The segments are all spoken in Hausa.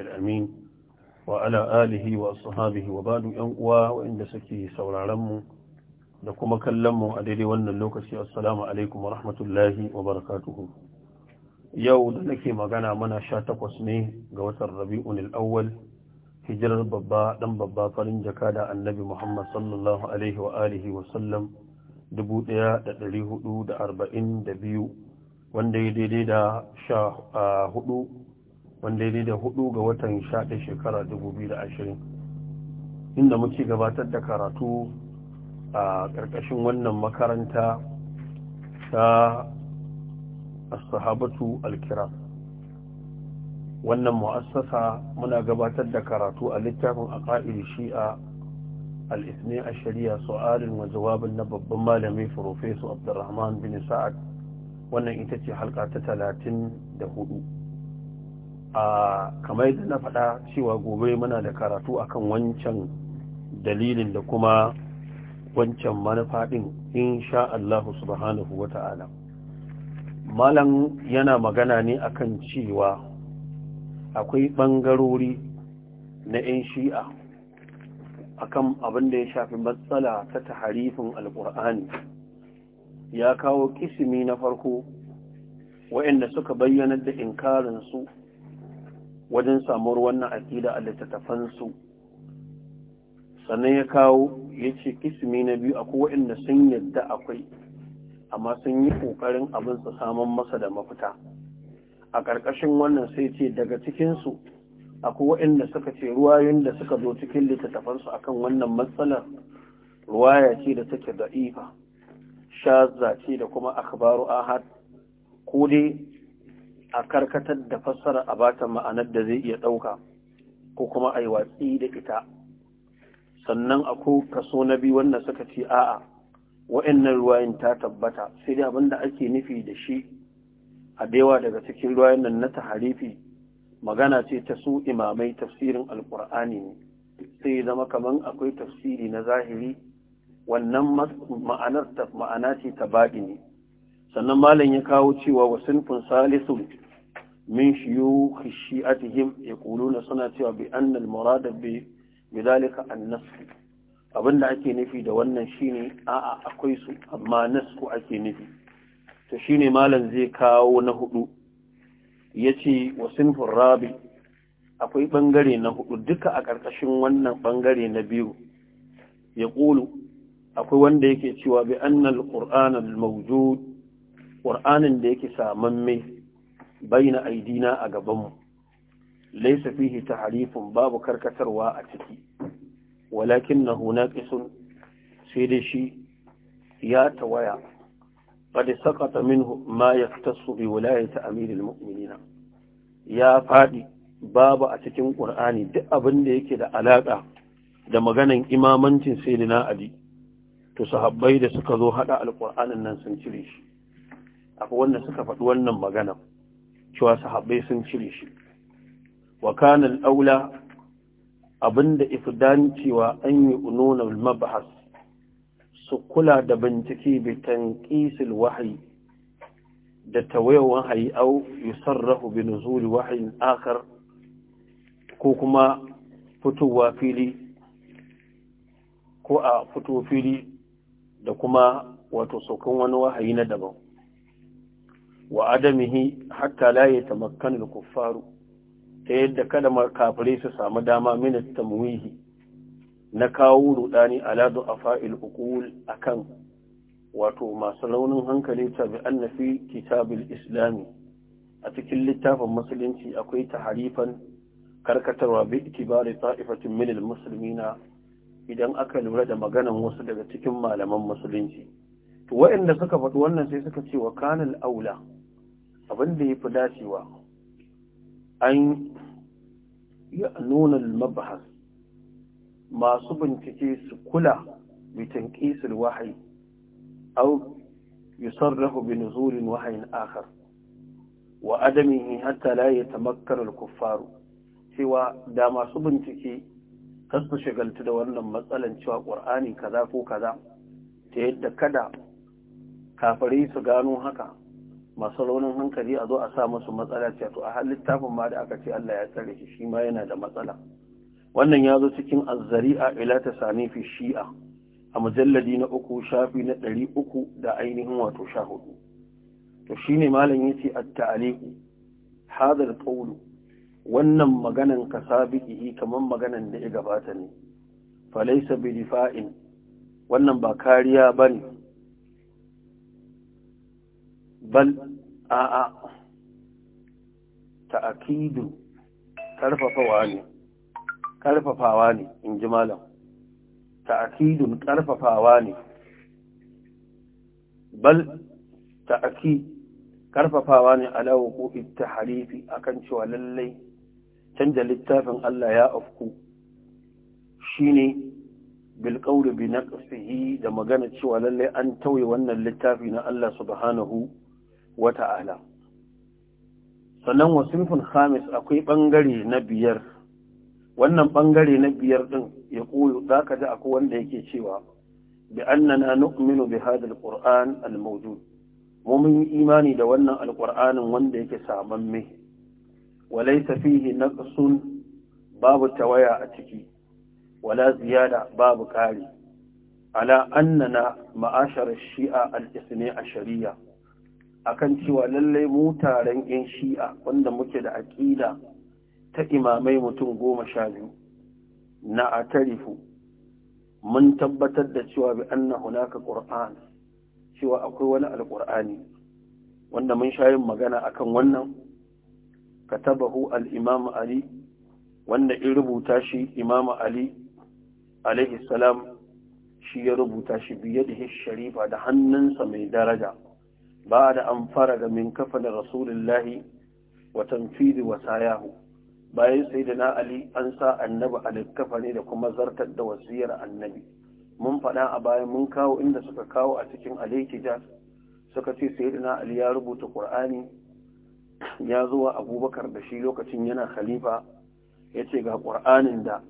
الأمين وعلى آله وأصحابه وبعد أنقوى وإن سكي سورارم لكم كلم أدري وأن اللوكسي السلام عليكم ورحمة الله وبركاته يوم لكي مغانا منا شاتق وسني قوة الربيع الأول hijirar babba dan babba farin jaka da annabi Muhammad sallallahu alaihi wa alihi wa sallam 1442 wanda ya daidai da sha hudu wanda ya da hudu ga watan shaɗe shekara 2020 inda muke gabatar da karatu a ƙarƙashin wannan makaranta ta asahabatu alkira wannan mu'assasa muna gabatar da karatu a littafin a ƙa'ir shi'a al'isne a shari'a su'alin wa jawabin na babban malami furofesu abdulrahman bin sa'ad wannan ita ce halka ta talatin da a kamar yadda na faɗa cewa gobe muna da karatu akan wancan dalilin da kuma wancan manufaɗin, ɗin insha Allah subhanahu wa ta'ala malam yana magana ne akan cewa akwai ɓangarori na 'yan shi'a akan abin da ya shafi matsala ta taharifin alƙur'ani ya kawo kisimi na farko waɗanda suka bayyanar da inkarinsu wajen samuwar wannan aƙida a littattafansu sannan ya kawo ya ce kismi na biyu akwai waɗanda sun yadda akwai amma sun yi ƙoƙarin abin su saman masa da mafita a ƙarƙashin wannan sai ce daga cikinsu akwai waɗanda suka ce ruwayoyin da suka zo cikin littattafansu akan wannan matsalar ruwaya ce da take da'ifa shazza ce da kuma akhbaru ahad ko dai a karkatar da fassara a bata ma'anar da zai iya ɗauka ko kuma a yi watsi da ita sannan ko kaso na biyu wanda suka ce a'a wa'annan ruwayin ta tabbata sai dai abinda ake nufi da shi a daiwa daga cikin ruwayin nan na taharifi magana ce ta su imamai tafsirin alkur'ani ne sai zama kaman akwai tafsiri na zahiri wannan ma'anar ta ma'ana ce ta baɗi ne sannan malam ya kawo cewa wa sinfin Salisu. min shiyukh shi'atihim yaquluna suna cewa bi anna al-murad bi bidalika an-nasr abinda ake nufi da wannan shine a'a akwai su amma nasku ake nufi to shine malam zai kawo na hudu yace wa sinfur rabi akwai bangare na hudu duka a ƙarƙashin wannan bangare na biyu ya ƙulu akwai wanda yake cewa bi annal qur'an al-mawjud qur'anin da yake samamme baina aidina a gabanmu laysa fihi tahrifun babu karkatarwa a ciki walakinahu naqisun sai dai shi ya tawaya faɗi saqata minhu ma yaktasu bi wilayati amiril mu'minina ya faɗi babu a cikin ƙur'ani duk abin da yake da alaƙa da maganan imamancin sayyidina ali to sahabbai da suka zo haɗa alƙur'anin nan sun cire shi akwai wanda suka faɗi wannan magana cewa sahabbai sun cire shi wa kana al-aula abinda ifdan cewa an yi ununa al-mabhas su kula da bincike bi tanqisil wahyi da tawayan wahayi au yusarrahu bi nuzul wahyin akhar ko kuma fili ko a fito fili da kuma wato saukan wani wahayi na daban wa adamihi hatta la yatamakkan al-kuffaru ta yadda kada kafirai su samu dama min tamwihi na kawo rudani ala du'afa'il uqul akan wato masu launin hankali ta bi annafi kitabil islami a cikin littafin musulunci akwai taharifan karkatarwa bi itibari ta'ifatin min al-muslimina idan aka lura da maganan wasu daga cikin malaman musulunci to waɗanda suka faɗi wannan sai suka ce wa kanal aula abin da ya fi dacewa an a nuna mabahar masu bincike su kula bitan ƙisar wahayi au يصرح بنزول وحي آخر وأدمه حتى لا kuffaru cewa سوى داما bincike kasu shigaltu da wannan matsalan cewa ƙur'ani kaza ko kaza ta yadda kada kafare su gano haka masu raunin hankali a zo a sa musu matsala ce to a har littafin ma da aka ce Allah ya tsare shi shi ma yana da matsala wannan ya zo cikin azzari'a ila ta sami fi shi'a a mujalladi na uku shafi na ɗari uku da ainihin wato sha hudu to ne malam yace at-ta'aliqu hadar qawlu wannan maganan ka sabiqihi kaman maganan da ya gabata ne falaysa bi difa'in wannan ba kariya bane bal a'a ta'akidu karfafawa ne karfafawa ne in ji malam ta'akidun karfafawa ne bal ta'aki karfafawa ne akan cewa lallai canja littafin Allah ya afku shine ne qawli bi naqsihi da magana cewa lallai an tauye wannan littafi na Allah subhanahu wata ala sannan wasimfin khamis akwai ɓangare na biyar wannan ɓangare na biyar ɗin ya koyo za ka ji akwai wanda yake cewa bi annana nu'minu bi hadal qur'an al mu mun yi imani da wannan alqur'anin wanda yake samamme walaysa fihi naqsun babu tawaya a ciki wala ziyada babu kari ala annana ma'ashar shi'a al-ithni shari'a. akan cewa lallai mu taron yan shi'a wanda muke da aƙida ta imamai mutum goma sha biyu na atarifu mun tabbatar da cewa bi anna hunaka qur'an cewa akwai wani alƙur'ani wanda mun sha yin magana akan wannan katabahu al-imam ali wanda in rubuta shi imam ali alaihi salam shi ya rubuta shi biye da sharifa da hannunsa mai daraja بعد أن kafa da كفن wa الله wa وصاياه bayan sayyidina ali an sa annabi ne da kuma zartar da wasiyar annabi mun faɗa a bayan mun kawo inda suka kawo a cikin alaikija suka ce sayyidina ali ya rubuta ƙur'ani ya zuwa abubakar da shi lokacin yana khalifa ya ce ga ƙur'anin da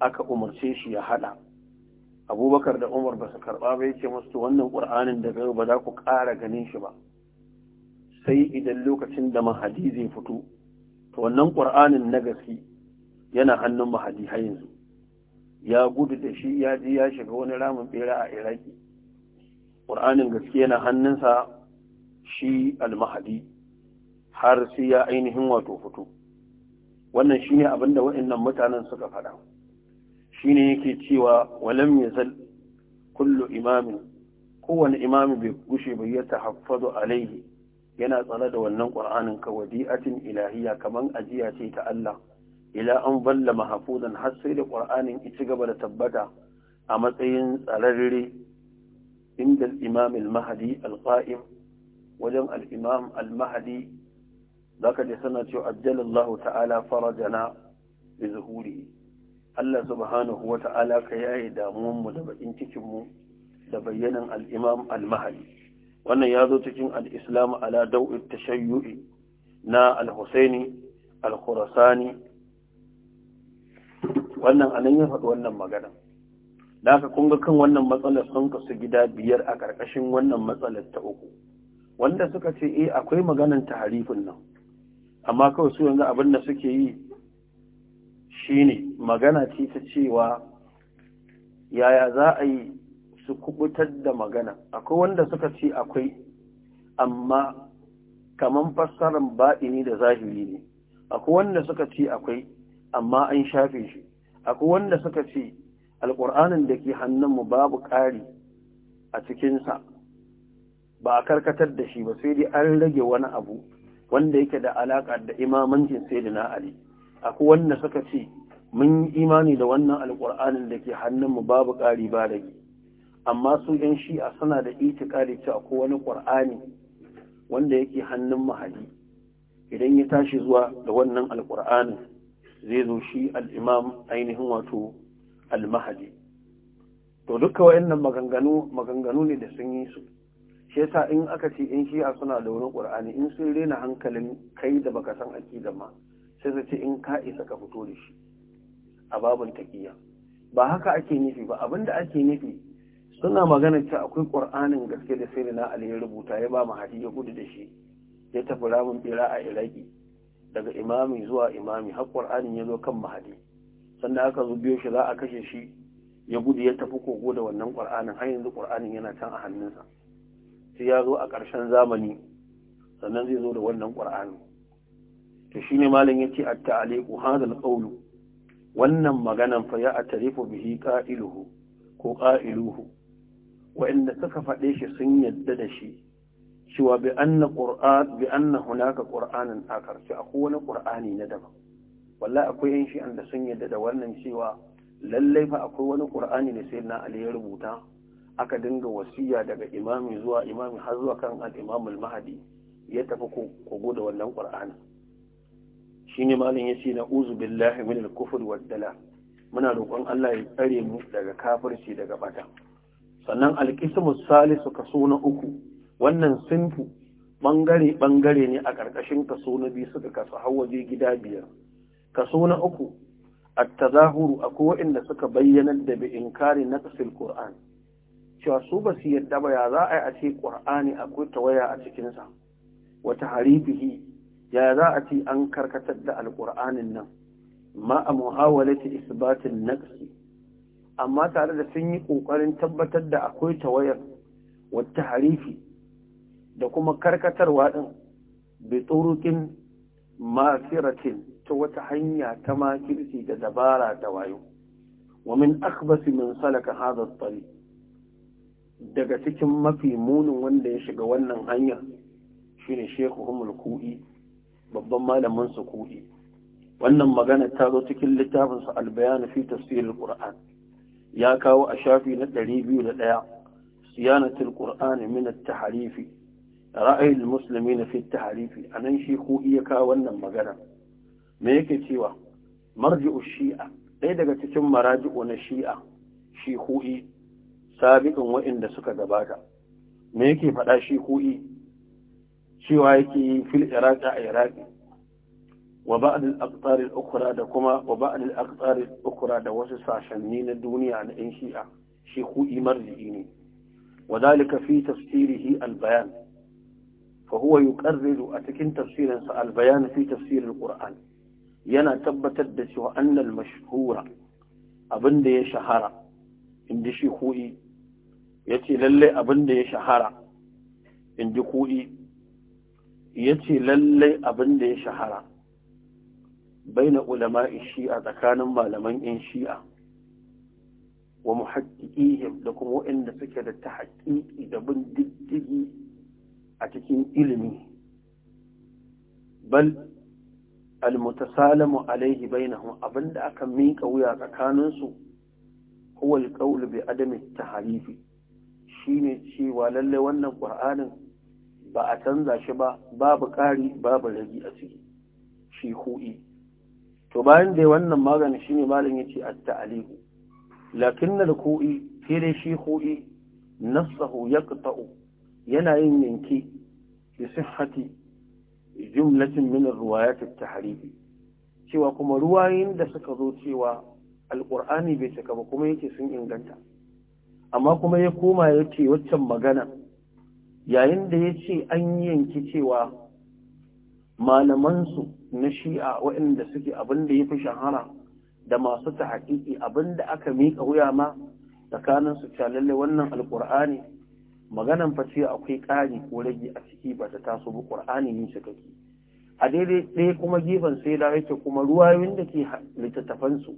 aka umarce shi ya haɗa. abubakar da umar ba su karɓa ba yake musu to wannan ƙur'anin daga yau ba za ku ƙara ganin shi ba sai idan lokacin da mahadi zai fito to wannan ƙur'anin na gaske yana hannun mahadi har yanzu ya gudu da shi ya ji ya shiga wani ramin bera a iraki ƙur'anin gaske yana hannunsa shi almahadi har sai ya ainihin wato fito wannan shine abin da waɗannan mutanen suka faɗa ne yake cewa walam yazal kullu imamin kowane imami bai gushe bai ya tahaffazu alaihi yana tsare da wannan qur'anin ka wadi'atin ilahiya kaman ajiya ce ta Allah ila an balla mahfuzan har sai da qur'anin ya ci gaba da tabbata a matsayin tsararre inda al-imam al-mahdi al-qa'im wajen al-imam al-mahdi zaka ji sana cewa ajjalallahu ta'ala farajana bi zuhurihi Allah subhanahu wa ta'ala ka yaye damuwanmu da bakin cikinmu da bayyanan al'imam al-mahali wannan ya zo cikin al'islam ala dau'in tashayyu'i na al-husaini al-khurasani wannan anan ya faɗi wannan magana da aka kunga kan wannan matsalar sun kasu gida biyar a ƙarƙashin wannan matsalar ta uku wanda suka ce eh akwai maganan taharifin nan amma kawai su yanzu abin da suke yi shine magana ce ta cewa yaya za a yi su kubutar da magana akwai wanda suka ce akwai amma kaman fassarar baɗini da zahiri ne akwai wanda suka ce akwai amma an shafe shi akwai wanda suka ce alƙur'anin da ke hannunmu babu ƙari a cikinsa ba a karkatar da shi ba sai dai an rage wani abu wanda yake da alaƙa da imamancin sai da na ali aku wanda suka ce mun yi imani da wannan alƙur'anin da ke hannunmu babu ƙari ba yi amma su yan shi'a suna da ƙari ce akwai wani ƙur'ani wanda yake hannun mahadi idan ya tashi zuwa da wannan alƙur'anin zai zo shi al'imam ainihin wato al-mahadi to duka wayannan maganganu maganganu ne da sun yi su shi yasa in aka ce yan shi'a suna da wani ƙur'ani in sun rena hankalin kai da baka san aƙida ma sai zai ce in ka isa ka fito da shi a babin taƙiyya ba haka ake nufi ba abinda ake nufi suna magana cewa akwai ƙur'anin gaske da sai na ali rubuta ya ba mahadi ya gudu da shi ya tafi ramun bira a iraki daga imami zuwa imami har ƙur'anin ya zo kan mahadi sannan aka zo biyo shi za a kashe shi ya gudu ya tafi kogo da wannan ƙur'anin har yanzu ƙur'anin yana can a hannunsa sai ya zo a ƙarshen zamani sannan zai zo da wannan ƙur'anin to shine malam yace at-ta'liqu hadha al wannan maganan fa ya atarifu bihi qa'iluhu ko qa'iluhu inda suka faɗe shi sun yadda da shi cewa bi anna qur'an bi anna hunaka qur'anan akar akwai wani qur'ani na daban wallahi akwai yan shi'an da sun yadda da wannan cewa lallai fa akwai wani qur'ani ne sayyidina ali ya rubuta aka dinga wasiya daga imami zuwa imami har zuwa kan al-imam al-mahdi ya tafi ku da wannan qur'ani shine malam yace na uzu billahi min al-kufr wa muna roƙon Allah ya tsare mu daga kafirci daga bata sannan al-qismu salisu kaso na uku wannan sinfu bangare bangare ne a ƙarƙashin kaso na biyu suka kasu hawaje gida biyar kaso na uku at-tazahuru akwai waɗanda suka bayyana da bi inkari naqsil qur'an cewa su ba su yadda ba ya za a yi a ce qur'ani akwai tawaya a cikinsa wata harifihi ya za a ci an karkatar da alƙur'anin nan ma a muhawalata isbatin naqsi amma tare da sun yi ƙoƙarin tabbatar da akwai tawayar wata harifi da kuma karkatarwa ɗin bai tsorokin masiratin ta wata hanya ta makirci da dabara ta wayo wa min akbasi min salaka hadha tsari daga cikin mafi munin wanda ya shiga wannan hanya shine shekuhumul babban malamin su kudi wannan magana ta zo cikin littafin sa albayan fi tafsirul qur'an ya kawo a shafi na 201 siyanatul qur'ani min at-tahrif ra'ayi al-muslimin fi at-tahrif anan shi kudi ya kawo wannan magana me yake cewa marji'u shi'a ɗaya daga cikin maraji'u na shi'a shi hu'i sabiƙin waɗanda suka gabata me yake faɗa shi hu'i cewa في fil iraq a الأقطار wa ba'd al aqtar al ukhra da kuma wa ba'd al aqtar al ukhra da wasu sashanni na duniya na shi'a shi ku وذلك في تفسيره البيان فهو يكرر أتكن تفسيرا البيان في تفسير القرآن ينا تبت الدس أن المشهورة أبندي يشهر عند شيخوئي يتي للي أبندي يشهر عند خوئي ya ce lallai abin da ya shahara baina ulama shi'a tsakanin malaman 'yan shi'a wa muhaƙiƙihim da kuma waɗanda suke da ta haƙiƙi da bin diddigi a cikin ilimi bal almutasalamu alaihi bainahum abinda aka miƙa wuya tsakaninsu huwa alqawlu bi adami taharifi shine cewa lalle wannan qur'anin ba a canza shi ba babu ƙari babu ragi a ciki shi hu'i to bayan da wannan magani shine malam yace at-ta'liqu lakinna al-hu'i sai dai shi hu'i nasahu yaqta'u yana yin yanki bi sihhati jumlatin min ar-riwayat at-tahrif cewa kuma ruwayoyin da suka zo cewa al al-qur'ani bai cika ba kuma yake sun inganta amma kuma ya koma yace waccan magana yayin da ya ce an yanki cewa malamansu na shi'a waɗanda suke abin da ya fi shahara da masu ta haƙiƙi abin da aka miƙa wuya ma tsakanin su calalle wannan alƙur'ani maganan fa ce akwai ƙari ko rage a ciki ba ta taso ba ƙur'ani ne shi kake a daidai ɗaya kuma gefen sai da yake kuma ruwayoyin da ke littattafansu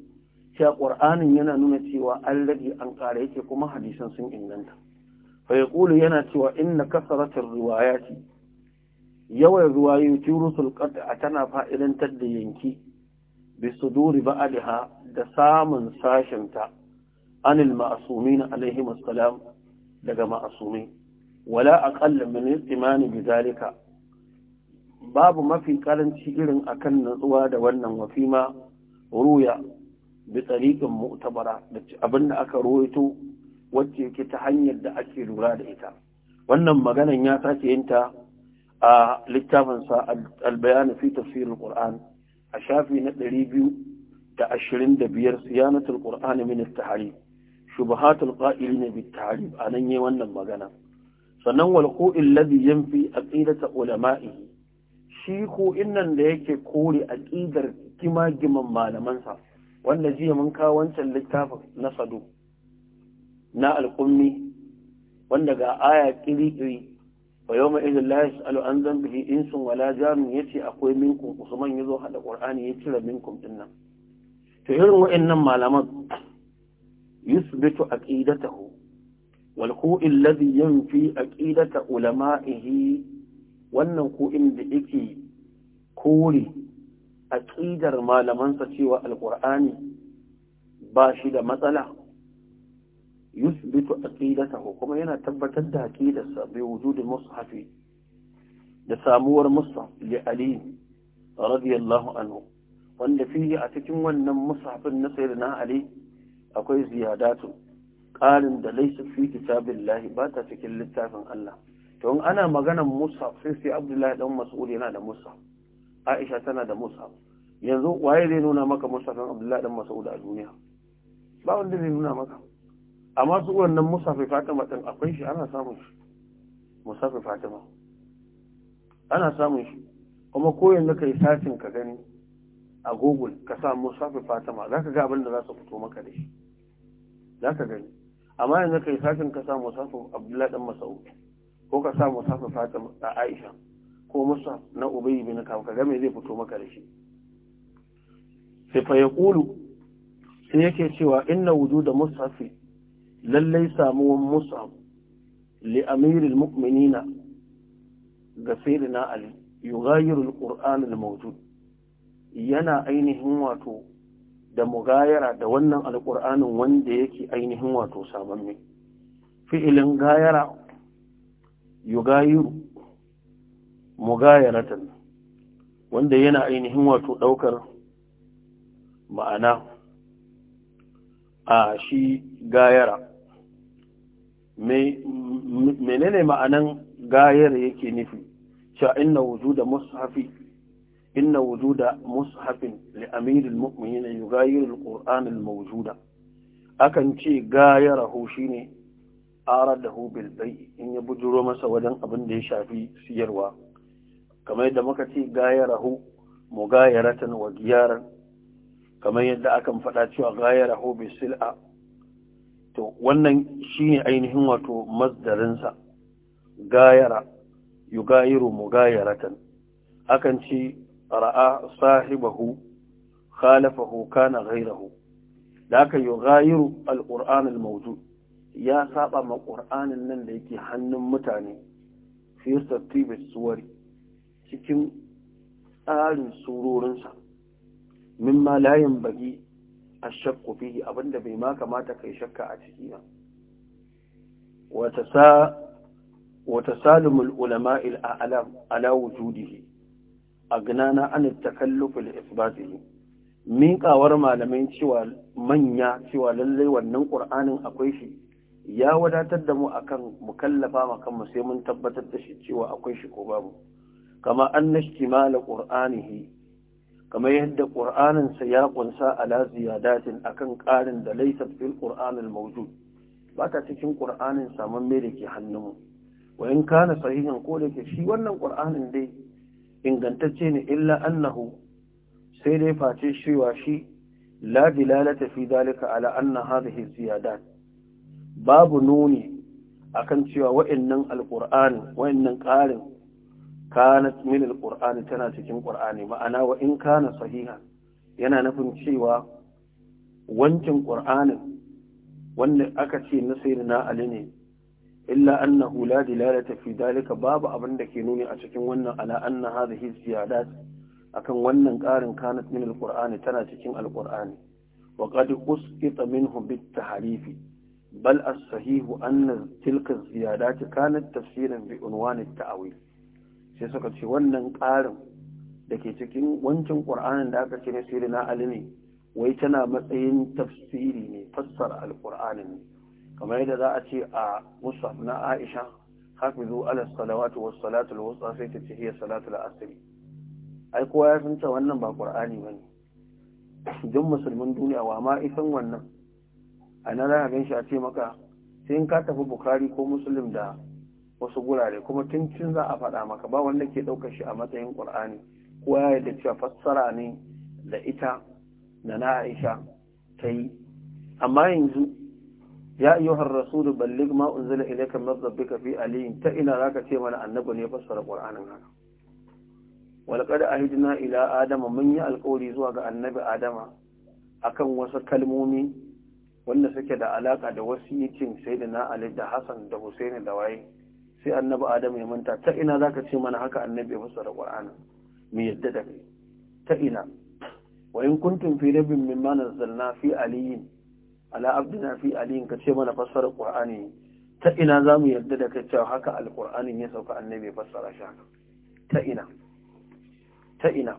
cewa ƙur'anin yana nuna cewa an rage an ƙara yake kuma hadisan sun inganta fa yana cewa inna ruwaya ce. yawan ruwayoyi turusul a tana fa'idantar da yanki bi suduri da samun sashinta anil ma'sumin alaihim assalam daga ma'asumi wala aƙalla min al-iman bidhalika babu mafi karanci irin akan natsuwa da wannan wafima ruya bi tariqin mu'tabara da abinda aka ruwaito wacce yake ta hanyar da ake lura da ita wannan maganan ya sake yin ta a littafinsa albayani fi tafsirin qur'an a shafi na ɗari biyu da ashirin da biyar siyanatul qur'an min at-tahrif shubahatul qa'ilin bit a nan yi wannan magana sannan wal qu'il ladhi yanfi aqidata ulama'ihi shi ko innan da yake kore aqidar giman malamansa wanda jiya mun kawo wancan littafin na sadu na alƙummi wanda ga aya ƙiri-ƙiri wa yau ma'izin layas al'an zambihi insun wala jamin ya ce akwai minkum usman ya zo haɗa ƙwar'ani ya cire minkum ɗin nan to irin wa'annan malaman yusbitu aqidatahu wal ku'in ladhi yanfi aqidata ulama'ihi wannan ku'in da yake kore ƙidar malamansa cewa alqur'ani ba shi da matsala yuthbitu aqidatahu kuma yana tabbatar da aqidarsa bi wujudil mushafi da samuwar mushaf li ali radiyallahu anhu wanda fihi a cikin wannan mushafin na sayyidina ali akwai ziyadatu ƙarin da laysa fi kitabillahi ba ta cikin littafin Allah to ana maganan mushaf sai sai Abdullahi dan Mas'ud yana da mushaf Aisha tana da mushaf yanzu waye zai nuna maka mushafin Abdullahi dan Mas'ud a duniya ba wanda zai nuna maka amma su wannan musafi fatima ɗin akwai shi ana samun shi musafi fatima ana samun shi kuma koyon da ka yi sacin ka gani a google ka sa musafi fatima za ka ga abin da za su fito maka da shi za ka gani amma yanzu ka yi sacin ka sa musafi abdullahi ɗan masa'ud ko ka sa musafi fatima a aisha ko musa na ubayi bin ka ga me zai fito maka da shi sai fa yaqulu sai yake cewa inna wujuda musafi lallai samuwan Musa li amiril mu'minina ga sayyidina ali yughayyiru al-qur'an yana ainihin wato da mugayara da wannan alƙur'anin wanda yake ainihin wato sabon mai fi'ilin gayara yugayiru mugayaratan wanda yana ainihin wato ɗaukar ma'ana a shi gayara menene ma'anan gayar yake nufi cewa inna wujuda mushafi inna wujuda mushafin li amirul mu'minin yugayiru alquran almawjuda akan ce gayarahu shine aradahu bil bay in ya bujuro masa wajen abin da ya shafi siyarwa kamar yadda muka ce gayarahu mugayaratan wa giyaran kamar yadda akan faɗa cewa gayarahu bi sil'a to wannan shine ainihin wato masdarinsa gayara yugayiru mugayaratan akan ci ra'a sahibahu khalafahu kana gairahu. da aka yugayiru alquran almawjud ya saba ma ƙur'anin nan da yake hannun mutane fi tartibi suwari cikin tsarin surorinsa mimma layin yanbaghi shakku fihi abinda bai ma kamata kai shakka a ciki ba wata salimul ulama il a'lam ala wujudihi agnana an takalluf li isbatihi miƙawar malamai cewa manya cewa lallai wannan qur'anin akwai shi ya wadatar da mu akan mukallafa makan sai mun tabbatar da shi cewa akwai shi ko babu kama an nashtimala ƙur'anihi. kamar yadda ƙur'aninsa ya ƙunsa ala ziyadatin akan ƙarin da laisa fil ƙur'anin mawjud ba ta cikin ƙur'anin saman me da ke hannunmu wa in kana sahihin ko da ke shi wannan ƙur'anin dai ingantacce ne illa annahu sai dai face cewa shi la dilalata fi dalika ala anna hadhihi ziyadat babu nuni akan cewa wa'annan alqur'ani wa'annan ƙarin kanat min alqur'ani tana cikin qur'ani ma'ana wa in kana sahiha yana nufin cewa wancin qur'anin wanda aka ce na sayyidina ali ne illa annahu la dilalata fi dalika babu abin da ke nuni a cikin wannan ala anna hadhihi ziyadat akan wannan ƙarin kanat min alqur'ani tana cikin alqur'ani wa qad usqita minhu bit tahrifi bal as-sahih anna tilka az-ziyadat kanat tafsiran bi unwan at-ta'wil sai suka ce wannan ƙarin da ke cikin wancan ƙur'anin da aka cire sirri na ali ne wai tana matsayin tafsiri ne fassara alƙur'anin ne kamar yadda za a ce a musaf na aisha hafizu ala salawatu wasu salatu al wusta sai ta ce hiya salatu al ai kowa ya san wannan ba ba ne. Don musulmin duniya wa ma isan wannan a nan za a gan shi a ce maka sai in ka tafi bukari ko muslim da wasu gurare kuma tun cin za a faɗa maka ba wanda ke ɗaukar shi a matsayin ƙur'ani ko ya yarda cewa fassara ne da ita da na Aisha ta yi amma yanzu ya yi har rasulu ballig ma unzila ilayka min rabbika fi aliyin ta ina zaka ce mana annabi ne fassara ƙur'anin haka walƙada ahidina ila adama mun yi alƙawari zuwa ga annabi adama akan wasu kalmomi wanda suke da alaƙa da wasu yikin sai da na ali da hassan da husaini da waye sai annabi adam ya manta ta ina zaka ce mana haka annabi ya fassara qur'anin mu yadda da kai ta ina wa in kuntum fi rabbin mimma nazzalna fi aliyin ala abdina fi aliyin ka ce mana fassara qur'ani ta ina za mu yadda da kai cewa haka alqur'anin ya sauka annabi ya fassara shi haka ta ina ta ina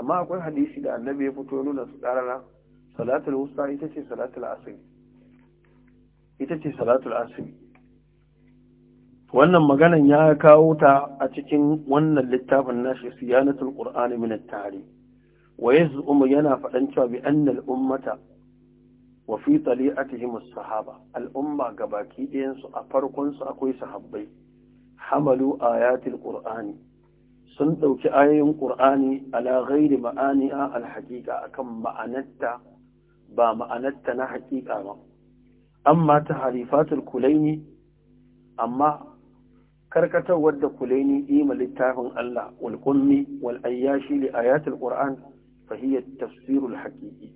amma akwai hadisi da annabi ya fito nuna su karara salatul wusta ita ce salatul asr ita ce salatul asr wannan maganan ya kawo ta a cikin wannan littafin nashi siyanatul qur'ani min at-tari wa yaz'umu yana faɗan cewa bi annal ummata wa fi tali'atihim as-sahaba al-umma gabaki ɗayan su a farkon su akwai sahabbai hamalu ayatil qur'ani sun ɗauki ayoyin qur'ani ala ghairi ma'aniha al-haqiqa akan ma'anarta ba ma'anarta na haƙiƙa ba amma taharifatul kulaini amma karkatarwar da kulaini ima littafin Allah wal ummi wal ayyashi li ayatul qur'an fa hiya tafsirul haqiqi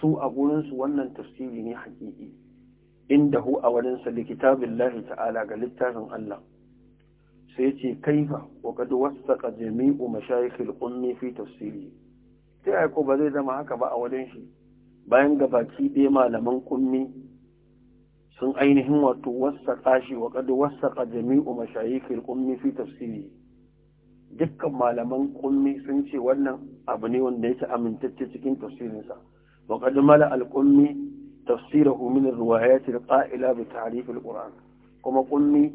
su a gurin su wannan tafsiri ne haqiqi inda hu a wurin sa biLlahi ta'ala ga littafin Allah sai ce kaifa wa qad wasaqa jami'u mashayikhil ummi fi tafsiri sai aiko ko ba zai zama haka ba a wurin shi bayan baki ɗaya malaman ƙummi. sun ainihin wato wasaƙa shi wa ƙadu wasaƙa jami'u mashayikhil ummi fi tafsiri dukkan malaman ƙummi sun ce wannan abu ne wanda yake amintacce cikin tafsirinsa wa ƙadu mala al-ummi tafsirahu min ar bi ta'rif kuma ƙummi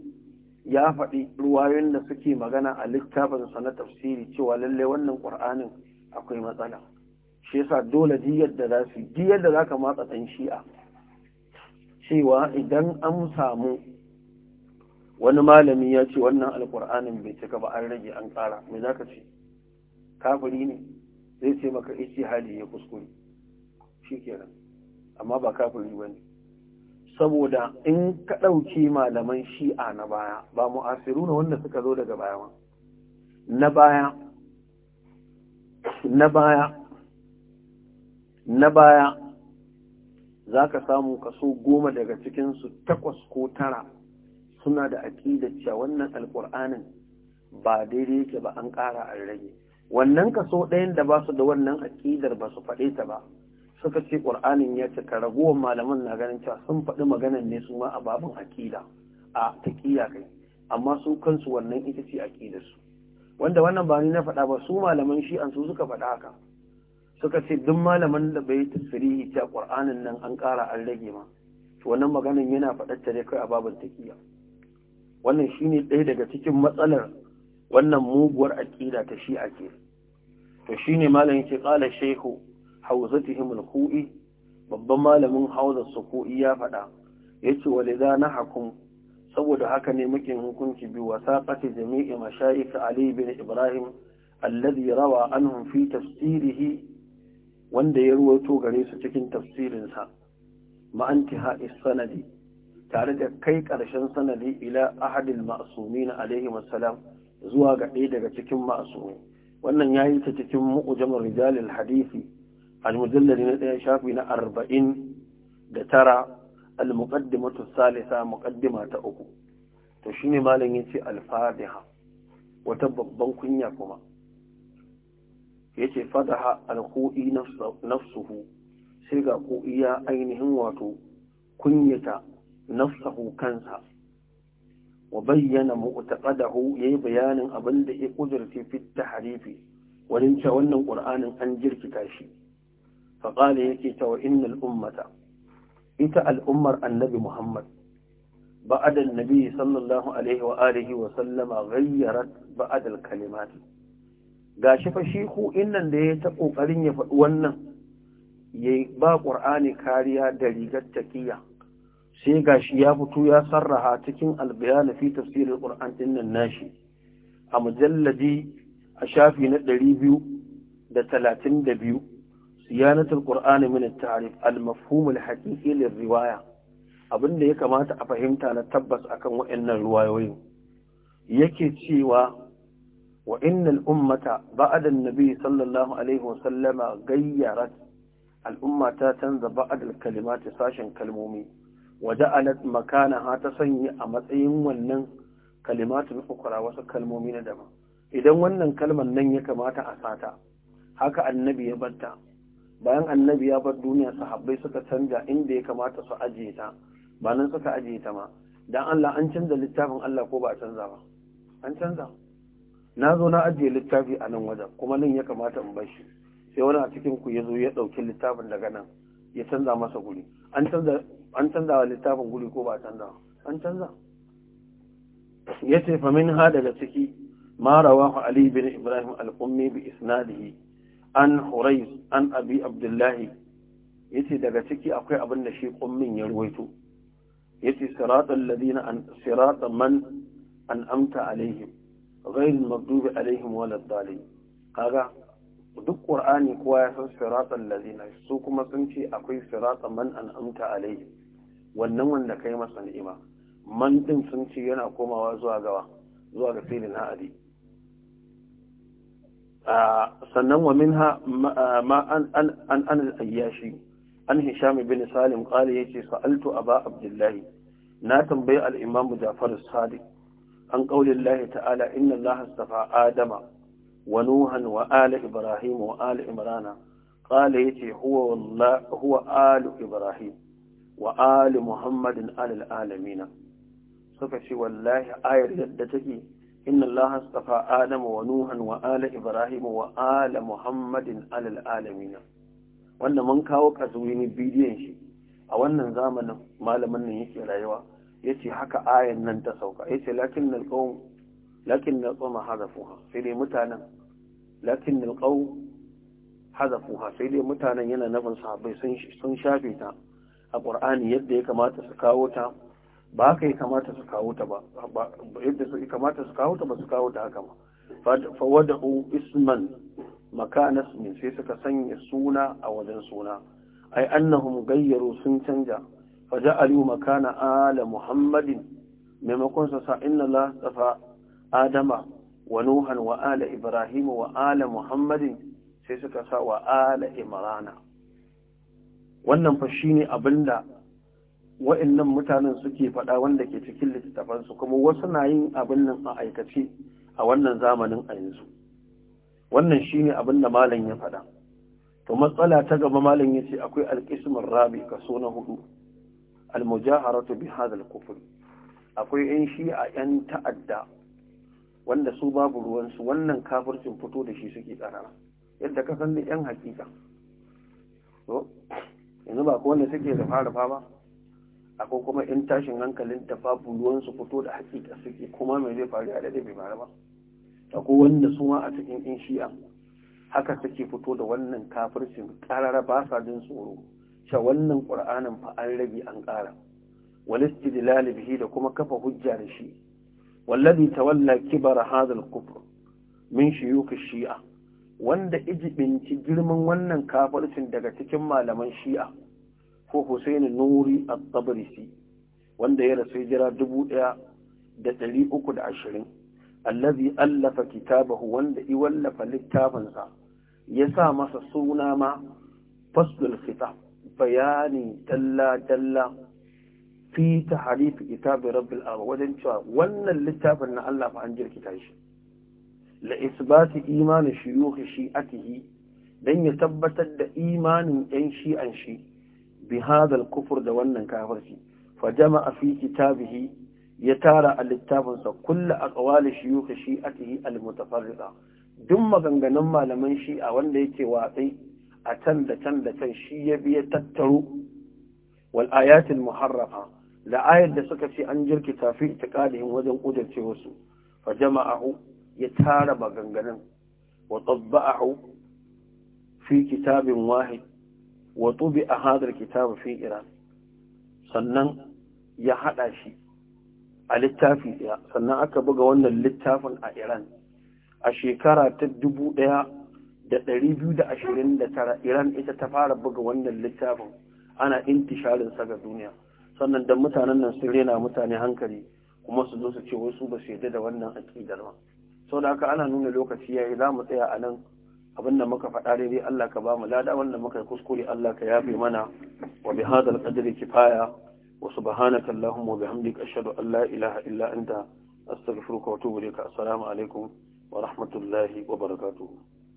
ya faɗi ruwayoyin da suke magana a littafin sa na tafsiri cewa lallai wannan Qur'anin akwai matsala shi yasa dole diyar da za su diyar da zaka matsa dan shi'a cewa idan an samu wani malami ya ce wannan alkur'anin bai cika ba an rage an ƙara me za ka ce kafiri ne zai ce maka ishi hali ya kuskure shi kenan amma ba kafiri ba ne saboda in ka ɗauki malaman shi'a na baya ba asiru na wanda suka zo daga baya ba na baya na baya na baya za ka samu kaso goma daga cikinsu takwas ko tara suna da aƙida cewa wannan alƙur'anin ba daidai yake ba an ƙara an rage wannan kaso ɗayan da ba su da wannan aƙidar ba su faɗe ta ba suka ce ƙur'anin ya ka ragowar malaman na ganin cewa sun faɗi maganan ne su ma a babin aƙida a taƙiya kai amma su kansu wannan ita ce aƙidarsu wanda wannan ba ni na faɗa ba su malaman shi an su suka faɗa haka suka ce duk malamin da bai tasirihi ta ƙur'anin nan an ƙara an rage ma to wannan maganin yana faɗar dai kai a babin takiya wannan shine ɗaya daga cikin matsalar wannan muguwar aƙida ta shi ake to shine malamin yake ƙala shehu hauzatihim al babban malamin hauza su ku'i ya faɗa yace na hakum saboda haka ne muke hukunci bi wasaqati jami'i mashayikh ali bin ibrahim alladhi rawa anhum fi tafsirihi wanda ya ruwato gare su cikin tafsirinsa ma'antiha sanadi tare da kai ƙarshen sanadi ila ahadin ma'asumi na alaihi wasalam zuwa ga ɗaya daga cikin ma'asumi wannan ya yi ta cikin mu'ujamar rijalil hadisi al-mujallari na ɗaya shafi na arba'in da tara al salisa muqaddima ta uku to shine malam yace al wata babban kunya kuma ya ce fataha alko'i nafsuhu sai ga ko'i ya ainihin wato kunyata nafsahu kansa wa bayyana mu'taqadahu yayi bayanin abin da ya kudurce fi tahrifi wajen cewa wannan qur'anin an jirkita shi fa qala yake cewa innal ummata ita al'ummar annabi muhammad ba'da annabi sallallahu alaihi wa alihi wa sallama ghayyarat ba'da al ga fa shi ku innan da ya ta ƙoƙarin ya faɗi wannan ya ba ƙur'ani kariya da rigar taƙiya sai ga shi ya fito ya sarraha cikin albayana fi tafsirin ƙur'an ɗinnan nashi a mujalladi a shafi na ɗari biyu da talatin da biyu siyanatul ƙur'ani min tarif al-mafhumul haƙiƙi riwaya abin da ya kamata a fahimta na tabbas akan waɗannan ruwayoyin yake cewa wa innal ummata ba'da annabi sallallahu alaihi wa sallama gayyarat al'umma ta canza ba'da kalimati sashen kalmomi wa ja'alat makanaha ta sanya a matsayin wannan kalimatun ukra wasu kalmomi na daban idan wannan kalmar nan ya kamata a sata haka annabi ya batta bayan annabi ya bar duniya sahabbai suka canja inda ya kamata su ajiye ta ba nan suka ajiye ta ma dan Allah an canza littafin Allah ko ba a canza ba an canza na zo na ajiye littafi a nan wajen kuma nan ya kamata in bar shi sai wani a cikin ku ya zo ya ɗauki littafin daga nan ya canza masa guri an canza wa littafin guri ko ba canza an canza ya ce fa min ha daga ciki ma rawahu ali bin ibrahim al-ummi bi isnadihi an hurais an abi abdullahi yace daga ciki akwai abin da shi kummin ya ruwaito yace siratal ladina an sirata man an amta alaihim ghairil maghdubi alaihim walad dalin kaga duk qur'ani kowa ya san siratal ladina su kuma sun ce akwai siratal man an'amta alaihi wannan wanda kai masa ni'ima man din sun ce yana komawa zuwa gawa zuwa ga filin ha'adi sannan wa minha ma an an an ayyashi an hisham bin salim qala yace sa'altu aba abdullahi na tambayi al-imam ja'far as-sadiq an ƙaunin ta'ala in Allah astafa Adama wa Nuhan wa Ibrahim wa ala Imrana qala yace huwa wallahi huwa Muhammadin alal alamina suka ce wallahi ayar yadda take inna Allah astafa Adama wa Nuhan wa ala Ibrahim wa Muhammadin alal alamina wanda mun kawo kazuwini bidiyon shi a wannan zamanin malamin nan yake rayuwa yace haka ayan nan ta sauka yace lakin alqawm lakin alqawm hadafuha sai dai mutanen lakin alqawm hadafuha sai dai mutanen yana nabin sahabbai sun sun shafe ta a qur'ani yadda ya kamata su kawo ta ba haka ya kamata su kawo ta ba yadda su kamata su kawo ta ba su kawo ta haka ba wada'u isman makanas min sai suka sanya suna a wajen suna ai annahum gayyaru sun canja waje Aliyu makana ala muhammadin maimakon sa sa inna la tsafa adama wa nuhan wa ala ibrahim wa ala muhammadin sai suka sa wa ala imrana wannan fa shine abinda wa'annan mutanen suke faɗa wanda ke cikin littattafansu kuma wasu na yin abin nan a aikace a wannan zamanin a yanzu wannan shine abin da malam ya faɗa to matsala ta gaba malam ya ce akwai alqismur rabi kaso na hudu almujaharatu bi hadha al-kufr akwai yan shi'a yan ta'adda wanda su babu ruwansu wannan kafircin fito da shi suke karara yadda ka san yan hakika to yanzu ba ko wanda suke da fara ba akwai kuma yan tashin hankalin ta babu ruwansu fito da hakika suke kuma me zai faru a dade bai fara ba akwai wanda su ma a cikin yan shi'a haka suke fito da wannan kafircin karara ba sa jin tsoro ce wannan qur'anin fa an rabi an ƙara wal istidlal bihi da kuma kafa hujja da shi ta tawalla kibara hadha al min shiyuka shia wanda ijibinci girman wannan kafircin daga cikin malaman shi'a ko husaini Nuri at-Tabrisi wanda ya rasu jira dubu da da uku ashirin allazi allafa kitabahu wanda i wallafa littafinsa ya sa masa suna ma faslul khitab bayani dalla-dalla fi ta harifi kitabin rabbil abu wajen cewa wannan littafin na Allah fa an jirkita shi la isbati imanin shiyuhi atihi dan ya tabbatar da imanin yan shi'an shi bi hadal kufur da wannan kafirci fa jama'a fi kitabihi ya tara a littafinsa kullu aqwali shiyuhi shi'atihi al-mutafarriqa duk maganganun malaman shi'a wanda yake watsai. a can da can da can shi ya biya tattaro wal ayatul muharrafa da ayar da suka ce an jirkita fi itiqadihim wajen kudirce wasu fa jama'ahu ya tara maganganun wa tabba'ahu fi kitabin wahid wa a hadar alkitab fi iran sannan ya hada shi a littafi sannan aka buga wannan littafin a iran a shekara ta dubu ɗaya da ɗari biyu da ashirin da tara iran ita ta fara buga wannan littafin ana intisharin sa ga duniya sannan da mutanen nan sun rena mutane hankali kuma su zo su ce wai su ba su yarda da wannan aƙidar ba sau da haka ana nuna lokaci ya yi za mu tsaya a nan abin da muka faɗa daidai Allah ka ba mu lada wanda muka yi kuskure Allah ka yafe mana wa bi hadal qadri kifaya wa subhanaka allahumma wa bihamdika ashhadu an la ilaha illa anta astaghfiruka wa atubu ilayka assalamu alaikum wa rahmatullahi wa barakatuh